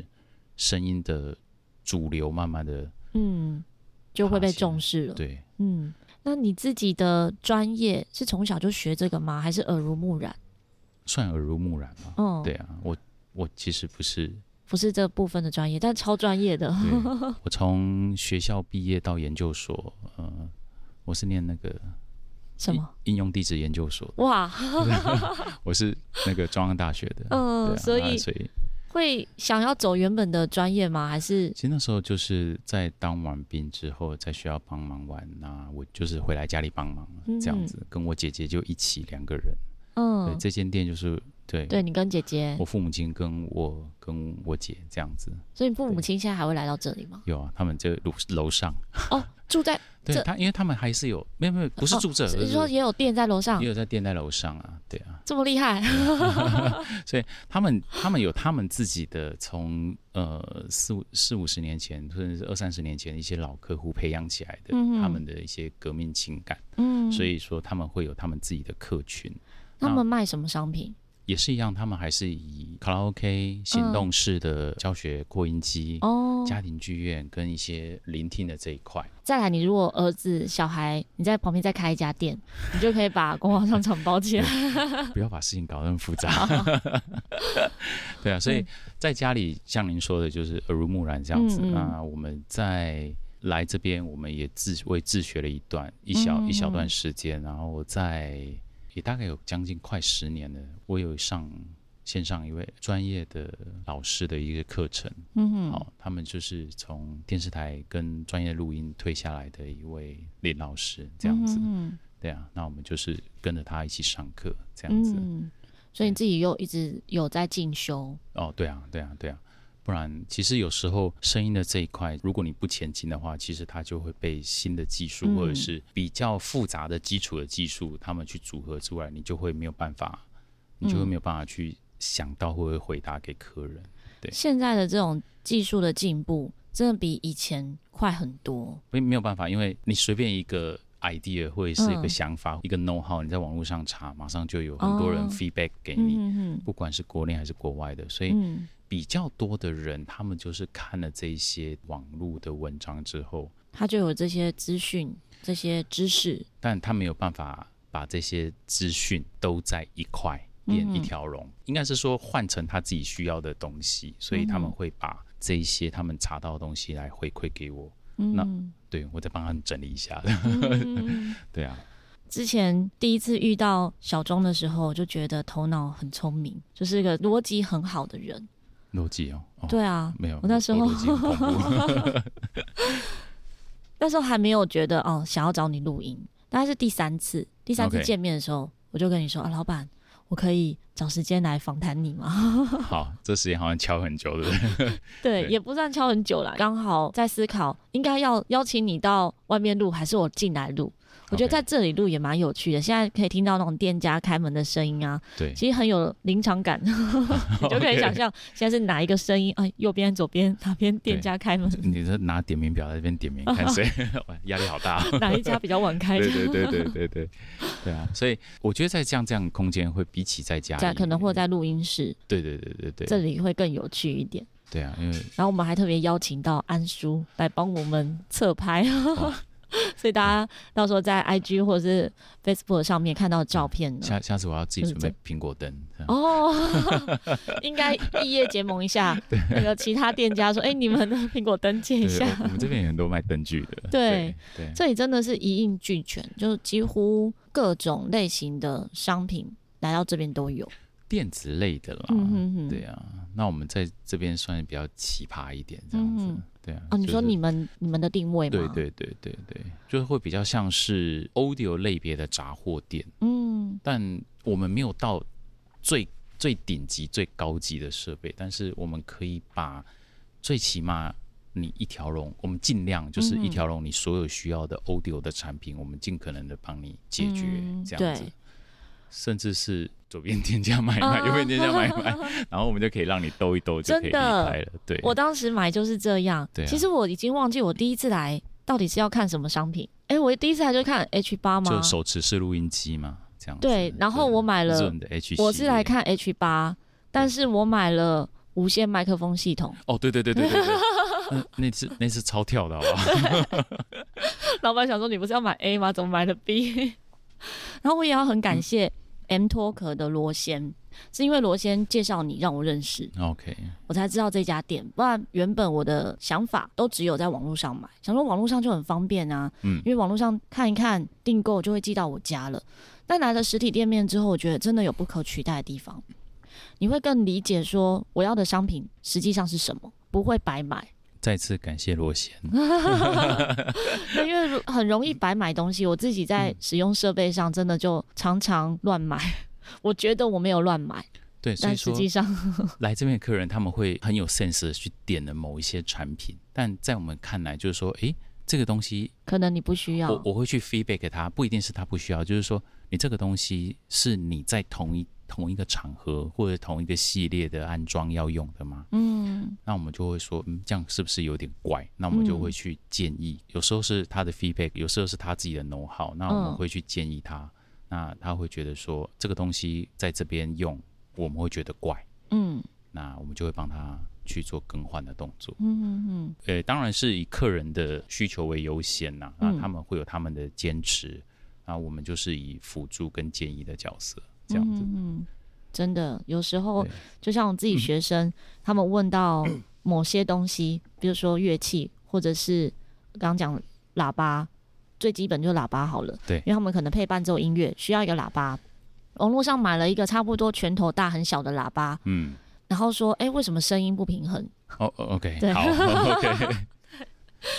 聲音的主流慢慢的，嗯，就會被重視了，對，嗯。那你自己的專業是從小就學這個嗎？還是耳濡目染？算耳濡目染嗎？嗯，對啊，我我其實不是，不是這部分的專業，但超專業的。我從學校畢業到研究所，嗯、呃，我是念那個什麼應用地質研究所。哇！ 我是那個中央大學的。嗯，所以、啊、所以。所以會想要走原本的專業嗎？還是其實那時候就是在當完兵之後，在需要幫忙完，那我就是回來家裡幫忙、嗯、這樣子，跟我姐姐就一起兩個人，嗯，對，這間店就是。對，對你跟姐姐，我父母親跟我跟我姐這樣子。所以你父母親現在還會來到這裡嗎？有啊，他們就樓樓上。哦，住在？ 對，他，因為他們還是有，沒有，沒有，不是住這，所、哦就是說也有店在樓上，也有在店在樓上啊，對啊。這麼厲害，啊、 所以他們他們有他們自己的，從呃四五四五十年前，甚至是二三十年前的一些老客戶培養起來的、嗯，他們的一些革命情感，嗯，所以說他們會有他們自己的客群。他們賣什麼商品？也是一樣，他們還是以卡拉 OK、行動式的、嗯、教學擴音機、家庭劇院跟一些聆聽的這一塊、哦。再來，你如果兒子、小孩，你在旁邊再開一家店， 你就可以把公共商場包起來。不要把事情搞得很複雜。 對啊，所以在家裡、嗯、像您說的，就是耳濡目染這樣子。嗯嗯，那我們在來這邊，我們也自為自學了一段一小嗯嗯，一小段時間，然後我再。也大概有將近快十年了，我有上線上一位專業的老師的一個課程，嗯好、哦，他們就是從電視台跟專業錄音退下來的一位林老師，這樣子、嗯哼哼，對啊，那我們就是跟着他一起上課，這樣子，嗯嗯、所以你自己又一直有在進修，嗯、哦，對啊，對啊，對啊。不然，其實有時候聲音的這一塊，如果你不前進的話，其實它就會被新的技術或者是比較複雜的基礎的技術、嗯，他們去組合出來，你就會沒有辦法、嗯，你就會沒有辦法去想到會不會回答給客人。對，現在的這種技術的進步，真的比以前快很多。沒沒有辦法，因為你隨便一個 idea 或者是一個想法，嗯、一個 know-how，你在網絡上查，馬上就有很多人 feedback 給你，哦、嗯嗯嗯，不管是國內還是國外的，所以。嗯比較多的人，他們就是看了這些網絡的文章之後，他就有這些資訊、這些知識，但他沒有辦法把這些資訊都在一塊連一條龍、嗯嗯，應該是說換成他自己需要的東西，所以他們會把這一些他們查到的東西來回饋給我。嗯、那對，我再幫他們整理一下嗯嗯， 對啊。之前第一次遇到小莊的時候，我就覺得頭腦很聰明，就是一個邏輯很好的人。Logic，哦，對啊，沒有，我那時候 那時候還沒有覺得哦、嗯，想要找你錄音，但是第三次第三次見面的時候，okay. 我就跟你說啊，老闆，我可以找時間來訪談你嗎？ 好，這時間好像敲很久了，對 不對？對，也不算敲很久了，剛好在思考應該要邀請你到外面錄，還是我進來錄。Okay. 我覺得在這裡錄也蠻有趣的，現在可以聽到那種店家開門的聲音啊，對，其實很有臨場感，uh, okay. 呵呵，就可以想象現在是哪一個聲音啊、呃，右邊、左邊哪邊店家開門？你是拿點名表在這邊點名看誰，壓、uh -huh. 力好大、哦。 哪一家比較晚開？ 對對對對對對， 對啊，所以我覺得在這樣這樣的空間會比起在家裡面，家 可能會在錄音室，對,對對對對對，這裡會更有趣一點。對啊，嗯，然後我們還特別邀請到安叔來幫我們側拍。 所以大家到時候在 I G 或者是 Facebook 上面看到照片，下、嗯、下次我要自己準備蘋果燈哦， 應該異業結盟一下，那個其他店家說，哎、 欸，你們的蘋果燈借一下。我，我們這邊有很多賣燈具的。對，對，對，這裡真的是一應俱全，就是幾乎各種類型的商品來到這邊都有，電子類的啦，嗯嗯對啊，那我們在這邊算比較奇葩一點，這樣子。嗯對啊、哦，你說你們、就是、你們的定位嗎？對對對對對，就是會比較像是 audio 類別的雜貨店，嗯，但我們沒有到最最頂級、最高級的設備，但是我們可以把最起碼你一條龍，我們儘量就是一條龍，你所有需要的 audio 的產品、嗯，我們盡可能的幫你解決，嗯、這樣子。甚至是左邊店家買賣，啊、右邊店家買賣，啊、然後我們就可以讓你兜一兜，就可以離開了。對，我當時買就是這樣、啊。其實我已經忘記我第一次來到底是要看什麼商品。哎、啊欸，我第一次來就看 H 八嗎？就手持式錄音機嗎？這樣子。對，然後我買了，我，買了我是來看 H 八，但是我買了無線麥克風系統。哦，對對對對對對，那、 呃、那次那次超跳的、啊，好吧？ 老闆想說你不是要買 A 嗎？怎麼買了 B？ 然後我也要很感謝、嗯。M 托殼的螺仙，是因為螺仙介紹你讓我認識。OK，我才知道這家店。不然原本我的想法都只有在網絡上買，想說網絡上就很方便啊，嗯，因為網絡上看一看，訂購就會寄到我家了。但來了實體店面之後，我覺得真的有不可取代的地方。你會更理解說我要的商品實際上是什麼，不會白買。再次感謝羅賢。 因為很容易白買東西，我自己在使用設備上真的就常常亂買。嗯、 我覺得我沒有亂買，對，但實際上 來這邊客人他們會很有 sense 的去點了某一些產品，但在我們看來就是說，誒、欸，這個東西可能你不需要。我我會去 feedback 給他，不一定是他不需要，就是說你這個東西是你在同一。同一個場合或者同一個系列的安裝要用的嗎？嗯，那我們就會說，嗯，這樣是不是有點怪？那我們就會去建議。嗯、有時候是他的 feedback，有時候是他自己的 know-how。那我們會去建議他、哦。那他會覺得說，這個東西在這邊用，我們會覺得怪。嗯，那我們就會幫他去做更換的動作。嗯嗯嗯。呃，當然是以客人的需求為優先吶、啊。那他們會有他們的堅持、嗯。那我們就是以輔助跟建議的角色。這樣子嗯嗯，真的，有時候就像我自己學生、嗯，他們問到某些東西，比如說樂器，或者是剛講喇叭，最基本就是喇叭好了。對，因為他們可能配伴奏音樂需要一個喇叭，網絡上買了一個差不多拳頭大、很小的喇叭。嗯，然後說：“哎、欸，為什麼聲音不平衡？”哦，OK，對，好，OK。哎、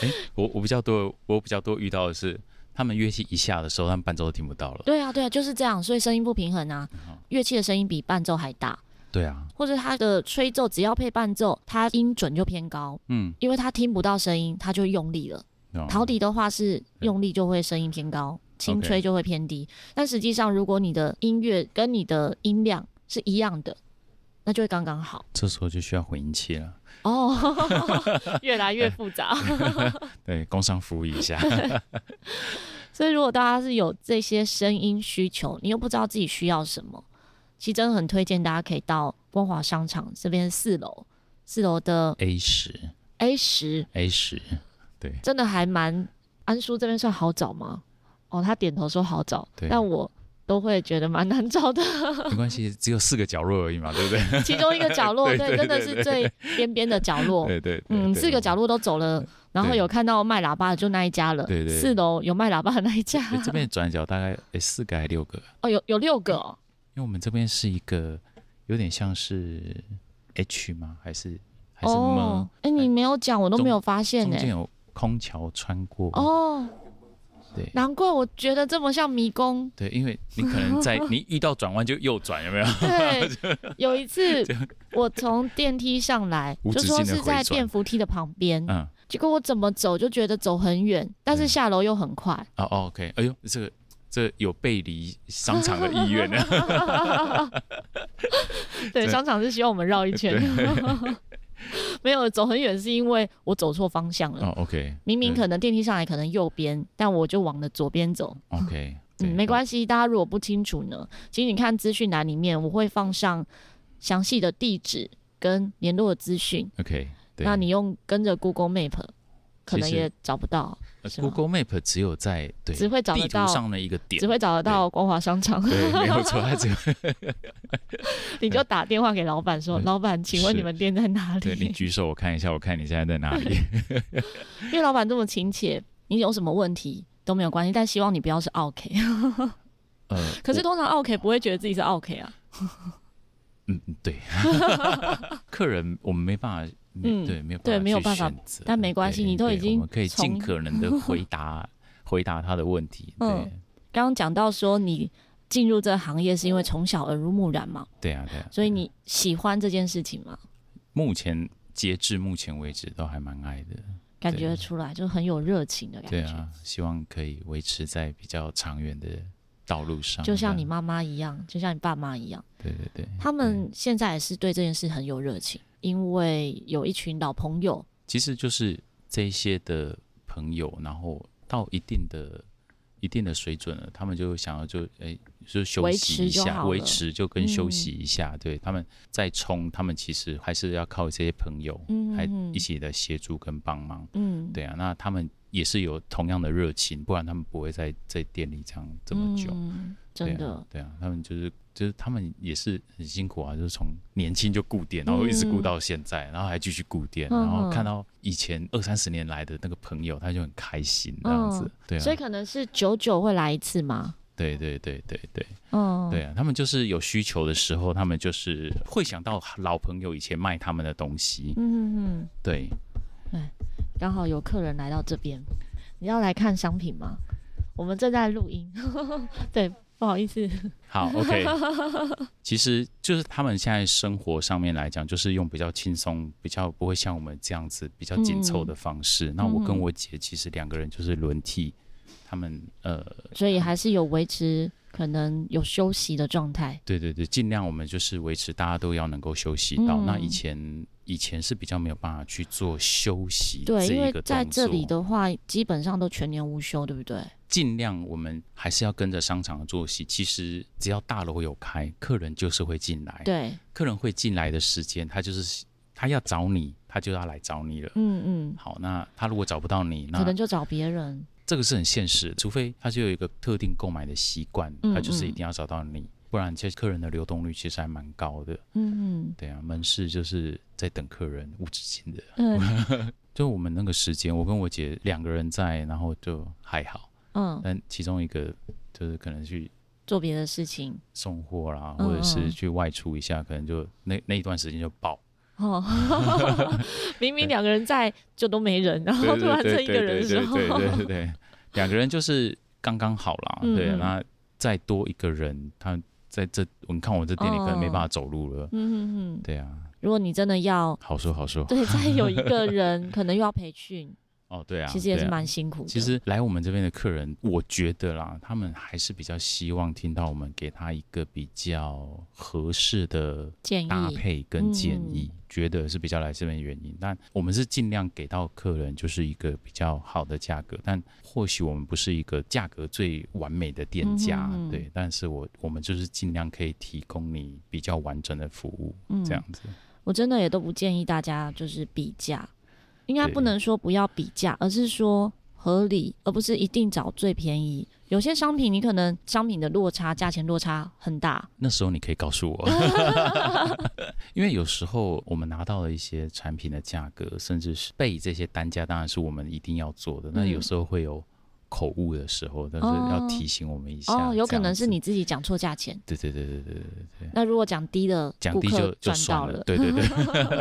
欸，我我比較多，我比較多遇到的是。他們樂器一下的時候，他們伴奏都聽不到了。對啊，對啊，就是這樣，所以聲音不平衡啊，嗯哦、樂器的聲音比伴奏還大。對啊。或者他的吹奏只要配伴奏，他音準就偏高。嗯。因為他聽不到聲音，他就用力了。嗯、陶笛的話是用力就會聲音偏高，嗯、輕吹就會偏低。Okay、但實際上，如果你的音樂跟你的音量是一樣的，那就會剛剛好。這時候就需要混音器了。哦， 越來越複雜。 欸、 對，工商服務一下 。所以，如果大家是有這些聲音需求，你又不知道自己需要什麼，其實真的很推薦大家可以到光華商場這邊四樓，四樓的 A10 A10 A10，對，真的還蠻安叔這邊算好找嗎？哦，他點頭說好找。對，但我。都會覺得蠻難找的。啊，沒關係， 只有四個角落而已嘛，對不對？其中一個角落， 對，對，對，對，對，對，真的是最邊邊的角落。對對，對，對，嗯，嗯，四個角落都走了，然後有看到賣喇叭就那一家了。對對對，四樓有賣喇叭的那一家，對對對。這邊轉角大概、欸、四個還六個？哦，有有六個哦、欸。因為我們這邊是一個有點像是 H 嗎？還是還是 M，哎、哦，欸、你沒有講、欸，我都沒有發現、欸。呢。中間有空橋穿過。哦。對，難怪我覺得這麼像迷宮。對，因為你可能在你遇到轉彎就右轉，有沒有？ 對，有一次我從電梯上來， 就說是在電扶梯的旁邊，嗯，結果我怎麼走就覺得走很遠，但是下樓又很快。哦、嗯 oh，OK，哎呦，這個這個、有背離商場的意願呢。 對，商場是希望我們繞一圈。 沒有走很遠，是因為我走錯方向了。Oh, OK，明明可能電梯上來可能右邊，嗯，但我就往了左邊走。OK，嗯，沒關係哦。大家如果不清楚呢，請你看資訊欄裡面，我會放上詳細的地址跟聯絡資訊。OK，那你用跟着 Google Map，可能也找不到。Google Map 只有在，對，只會找得到地圖上的一個點，只會找得到光華商場。對，對 對，沒有錯，它只會。你就打電話給老板說：“呃、老板，請問你們店在哪裡？”對，你舉手我看一下，我看你現在在哪裡？ 因為老板這麼親切，你有什麼問題都沒有關係，但希望你不要是奧客。 呃，可是通常奧客不會覺得自己是奧客啊。嗯 嗯，對。 客人，我們沒辦法。嗯，對，沒有辦法，但沒關係，你都已經我們可以盡可能的回答 回答他的問題。對，嗯，剛剛講到說你進入這個行業是因為從小耳濡目染嘛、嗯，對啊？對啊，對啊。所以你喜歡這件事情嗎？目前截至目前為止都還蠻愛的，感覺出來就很有熱情的感覺。對啊，希望可以維持在比較長遠的道路上。就像你媽媽一樣，就像你爸媽一樣。對對對，對，他們現在也是對這件事很有熱情。因為有一群老朋友，其實就是這些的朋友，然後到一定的、一定的水準了，他們就想要就哎、欸，就休息一下，維持，維持就跟休息一下，嗯、對他們再衝，他們其實還是要靠這些朋友、嗯、還一起來協助跟幫忙。嗯，對啊，那他們也是有同樣的熱情，不然他們不會在在店裡這樣這麼久。嗯、真的對啊，對啊，他們就是。就是他們也是很辛苦啊，就是從年輕就顧店，然後一直顧到現在，嗯、然後還繼續顧店、嗯，然後看到以前二三十年來的那個朋友，他就很開心這樣子，嗯、對、啊。所以可能是久久會來一次嗎？對，對對對對對。嗯，對啊，他們就是有需求的時候，他們就是會想到老朋友以前賣他們的東西。嗯嗯嗯。對。對，剛好有客人來到這邊，你要來看商品嗎？我們正在錄音。 對。不好意思，好，好，OK， 其實就是他們現在生活上面來講，就是用比較輕鬆、比較不會像我們這樣子比較緊湊的方式，嗯。那我跟我姐其實兩個人就是輪替，他們、嗯、呃，所以還是有維持可能有休息的狀態。對對對，盡量我們就是維持大家都要能夠休息到。嗯、那以前以前是比較沒有辦法去做休息這一個。對，因為在這裡的話，基本上都全年無休，對不對？盡量我們還是要跟着商場的作息。其實只要大樓有開，客人就是會進來。對，客人會進來的時間，他就是他要找你，他就要來找你了。嗯嗯。好，那他如果找不到你，那可能就找別人。這個是很現實的，除非他就有一個特定購買的習慣，嗯嗯，他就是一定要找到你，不然其實客人的流動率其實還蠻高的。嗯嗯。對啊，門市就是在等客人，無止境的。嗯， 就我們那個時間，我跟我姐兩個人在，然後就還好。嗯，但其中一個就是可能去做別的事情，送貨啦嗯嗯，或者是去外出一下，可能就那那一段時間就爆。哦， 明明兩個人在就都沒人，然後突然成一個人的時候，對對對,對,對,對,對,對,對,對,對， 兩個人就是剛剛好啦。嗯，對啊，那再多一個人，他在這，你看我這店裡可能沒辦法走路了。哦、嗯嗯，對啊。如果你真的要，好說好說。對，再有一個人，可能又要培訓。 哦，對啊，其實也是蠻辛苦的，對啊。其實來我們這邊的客人，我覺得啦，他們還是比較希望聽到我們給他一個比較合適的搭配跟建議，建議嗯、覺得是比較來這邊的原因。但我們是盡量給到客人就是一個比較好的價格，但或許我們不是一個價格最完美的店家，嗯、哼哼對。但是我我們就是盡量可以提供你比較完整的服務，嗯，這樣子。我真的也都不建議大家就是比價。應該不能說不要比價，而是說合理，而不是一定找最便宜。有些商品你可能商品的落差，價錢落差很大。那時候你可以告訴我， 因為有時候我們拿到了一些產品的價格，甚至是背這些單價，當然是我們一定要做的。嗯、那有時候會有口誤的時候，但、就是要提醒我們一下、哦哦。有可能是你自己講錯價錢。對對對對對對。那如果講低的，講低就賺到了，就算了。對對對。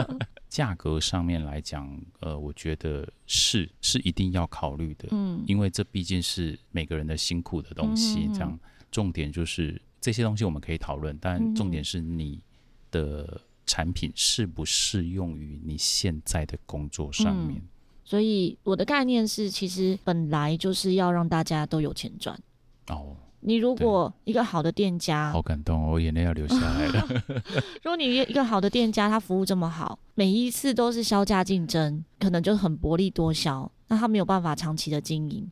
價格上面來講，呃，我覺得是是一定要考慮的，嗯，因為這畢竟是每個人的辛苦的東西，嗯、哼哼這樣。重點就是這些東西我們可以討論，但重點是你的產品適不適用於你現在的工作上面、嗯嗯。所以我的概念是，其實本來就是要讓大家都有錢賺。哦。你如果一個好的店家，好感動哦，我眼淚要流下來了。 如果你一一個好的店家，他服務這麼好，每一次都是削價競爭，可能就很薄利多銷，那他沒有辦法長期的經營，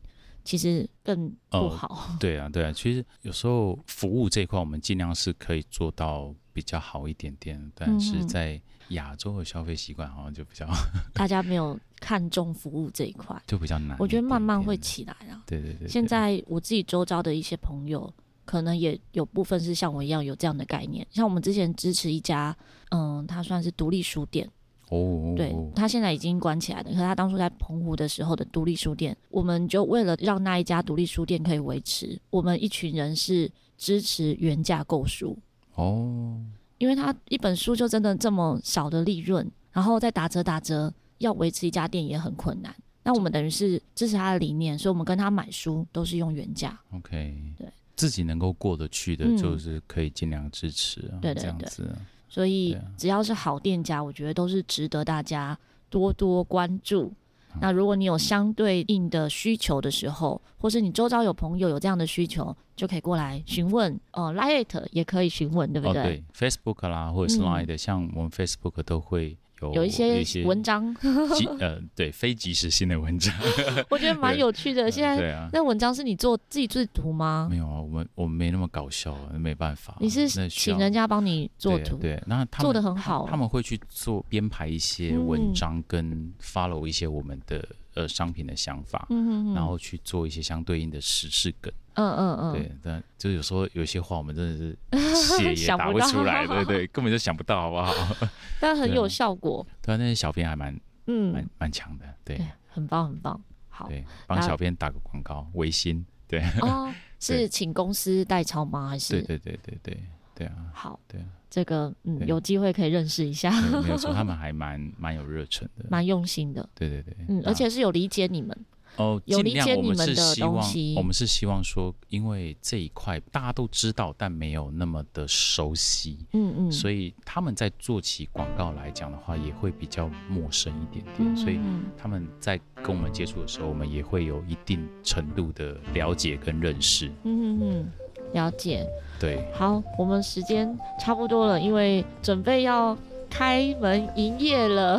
其實更不好。呃，對啊，對啊，其實有時候服務這一塊，我們儘量是可以做到比較好一點點，但是在。嗯。亞洲的消費習慣好像就比較，大家沒有看重服務這一塊， 就比較難一點點。我覺得慢慢會起來啊。對對對，對。現在我自己周遭的一些朋友，可能也有部分是像我一樣有這樣的概念。像我們之前支持一家，嗯，他算是獨立書店。哦、oh。對他現在已經關起來了，可他當初在澎湖的時候的獨立書店，我們就為了讓那一家獨立書店可以維持，我們一群人是支持原價購書。哦、oh。因為他一本書就真的這麼少的利潤，然後再打折打折，要維持一家店也很困難。那我們等於是支持他的理念，所以我們跟他買書都是用原價。OK，對，自己能夠過得去的就是可以盡量支持啊，嗯。對對對，這樣子，所以只要是好店家，我覺得都是值得大家多多關注。 那如果你有相對應的需求的時候，或是你周遭有朋友有這樣的需求，就可以過來詢問。哦 Line 也可以詢問，對不對？對、okay，Facebook 啦，或者是 Line、嗯、像我們 Facebook 都會。有一些文章些， 呃，對，非即時性的文章， 我覺得蠻有趣的。現在、呃啊，那文章是你做自己製圖嗎？沒有啊，我們我們沒那麼搞笑，沒辦法。你是請人家幫你做圖？對、啊對，啊對啊，那他們做的很好，啊他，他們會去做編排一些文章，跟 follow 一些我們的呃商品的想法、嗯哼哼，然後去做一些相對應的時事梗。嗯嗯嗯對，對，但就是有時候有些話我們真的是寫也打不出來， 好好對，對對，根本就想不到，好不好？ 但很有效果對，對、啊，那些小編還蠻嗯蠻強的對，對，很棒很棒，好，幫小編打個廣告，維新，對，哦，是請公司代操嗎？還是對對對對對對啊，好，對，這個嗯有機會可以認識一下， 沒錯，他們還蠻蠻有熱忱的，蠻用心的，對對對，嗯，而且是有理解你們。哦，盡量我們是希望，有理解你們的東西。我們是希望說，因為這一塊大家都知道，但沒有那麼的熟悉。嗯嗯，所以他們在做起廣告來講的話，也會比較陌生一點點。嗯嗯，所以他們在跟我們接觸的時候，我們也會有一定程度的了解跟認識。嗯嗯嗯，了解。對。好，我們時間差不多了，因為準備要開門營業了。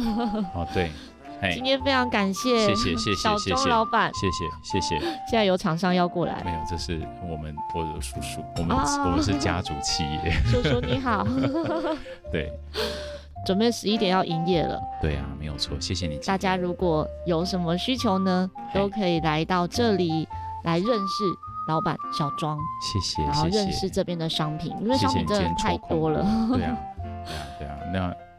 哦，對。.今天非常感謝小莊，謝謝謝謝謝謝老闆，謝謝謝謝，謝謝。現在有廠商要過來，沒有，這是我們我的叔叔，我們、啊、我們是家族企業。叔叔你好， 對， 準備十一點要營業了。對啊，沒有錯，謝謝你。大家如果有什麼需求呢，都可以來到這裡來認識老闆小莊，謝謝，然後認識這邊的商品，謝謝因為商品真的太多了謝謝。對啊，對啊，對啊，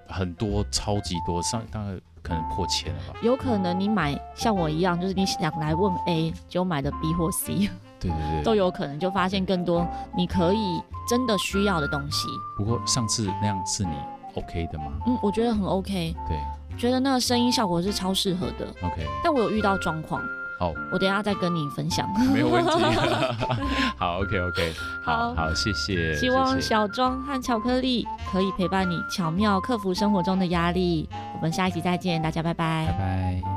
那很多超級多商當然。可能破千了吧？有可能你買像我一樣，就是你想來問 A 就買的 B 或 C，對對對，都有可能就發現更多你可以真的需要的東西。不過上次那樣是你 OK 的嗎？嗯，我覺得很 OK。對，覺得那個聲音效果是超適合的。OK，但我有遇到狀況。好，我等一下再跟你分享。沒有問題。 好，OK，OK，okay, okay, 好好，好，好，好，謝謝。希望小莊和巧克力可以陪伴你，巧妙克服生活中的壓力。我們下一集再見，大家拜拜，拜拜。